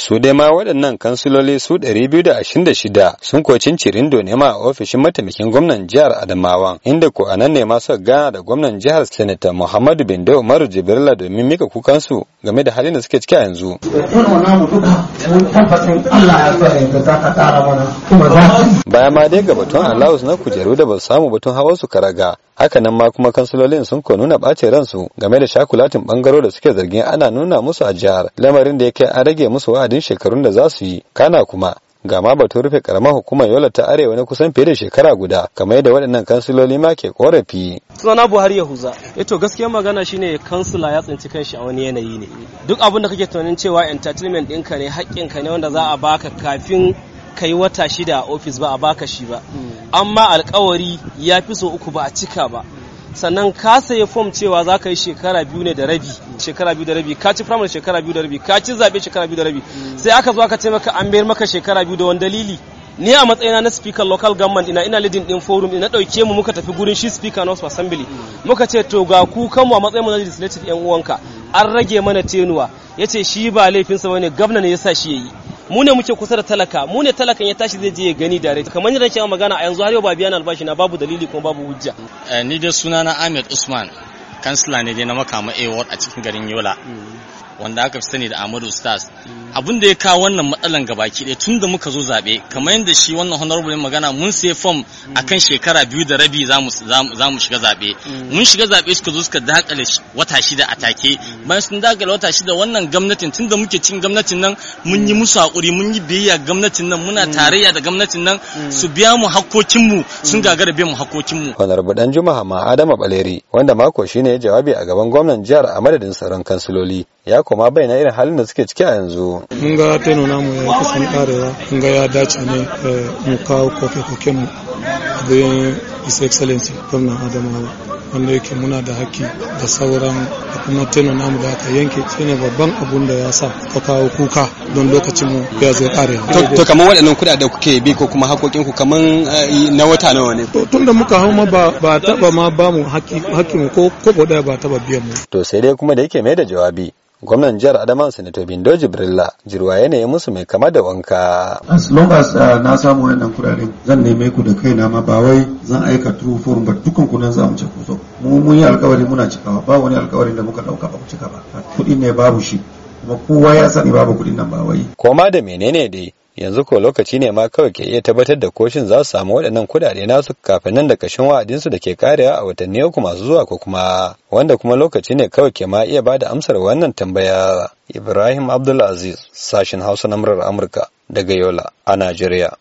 su dai ma waɗannan kansiloli su 226 sun kocin cirindo ne ma a ofishin mataimakin gwamnan jihar adamawa inda ko a nan ne ma suka gana da gwamnan jihar senator muhammadu bindo umaru jibrila domin mika kukansu game da halin da suke ciki a yanzu bayan ma dai ga batun alawus na kujeru da ba samu batun hawa su karaga hakanan ma kuma kansulolin sun ko nuna ɓace ransu game da shakulatin bangaro da suke zargin ana nuna musu a jihar lamarin da ya kai an rage musu wa'adin shekarun da za su yi kana kuma ga ma batun rufe karamar hukumar yola ta arewa na kusan fiye da shekara guda kamar yadda waɗannan kansiloli ma ke korafi sunana buhari yahuza ya eh to gaskiya magana shine kansula ya tsinci kanshi a wani yanayi ne duk abin da kake tunanin cewa entertainment ɗinka ne haƙƙinka ne wanda za a baka kafin kai wata shida a ofis ba a baka shi ba hmm. amma alkawari ya fi so uku ba a cika ba sannan ka saya fom cewa za ka yi shekara biyu ne da rabi shekara biyu da rabi ka ci firamare shekara biyu da rabi ka ci zaɓe shekara biyu da rabi hmm. sai aka zo aka ce maka an bayar maka shekara biyu da wani dalili ni a matsayina na speaker local government ina ina leading din forum ina dauke mu muka tafi gurin shi speaker na assembly hmm. muka ce to ga ku mu a matsayin mu na legislative yan uwanka an rage mana tenuwa yace shi ba laifinsa bane gwamna ne yasa shi yayi mu ne muke kusa da talaka mu ne talakan ya tashi zai je ya gani dare kamar yadda nake magana a yanzu har yau ba biyan albashi na babu dalili kuma babu hujja eh, ni dai sunana Ahmed Usman kansila ne dai na makama A ward a cikin garin Yola mm. wanda aka fi sani da Amadu Stars abin da ya kawo wannan matsalan gabaki ɗaya tun da muka zo zaɓe kamar yadda shi wannan honorable magana mun sai fom kan shekara biyu da rabi za mu shiga zaɓe mun shiga zaɓe suka zo suka dakale wata shida a take bayan sun dakale wata shida wannan gwamnatin tun da muke cin gwamnatin nan mun yi musu haƙuri mun yi biyayya gwamnatin nan muna tarayya da gwamnatin nan su biya mu hakkokinmu sun gagara biya mu hakkokinmu. Honorable Dan Hama Adama Baleri wanda mako shine jawabi a gaban gwamnan jihar a madadin tsaron kansiloli ya koma bai na irin halin da suke ciki a yanzu. Mun ga teno namu ya kusan karewa, mun ga ya dace ne eh, mu kawo koke-koken mu bayan His Excellency Gwamnan Adamawa. wanda yake muna da haƙƙi da sauran da kuma teno namu da aka yanke shine babban abun da ya sa ka kawo kuka don lokacin mu ya zo kare to kamar waɗannan kuɗaɗe kuke bi ko kuma haƙoƙin ku kamar eh, na wata nawa ne to tunda muka hau ma ba taɓa taba ma ba mu haƙƙi mu ko kobo ɗaya ba taba biyan mu to sai dai kuma da yake mai da jawabi gwamnan jihar adama sanato bindo jibrilla jirwa yanayi musu mai kama da wanka as long as uh, na samu wannan kudaden zan neme ku da kaina ma ba wai zan aika true forum ba dukkan ku nan za mu ce ku mu mun yi alkawari muna cikawa ba wani alkawarin da muka dauka ba ku cika ba kudi ne babu shi kuma kowa ya sani babu kuɗin nan ba wai koma da menene dai yanzu ko lokaci ne ma kawai ke iya tabbatar da koshin za su samu waɗannan kudade nasu kafin nan da kashin wa'adinsu da ke karewa a watanni uku masu zuwa ko kuma wanda kuma lokaci ne kawai ke ma iya ba da amsar wannan tambaya ibrahim abdulaziz sashen hausa na murar amurka daga yola a najeriya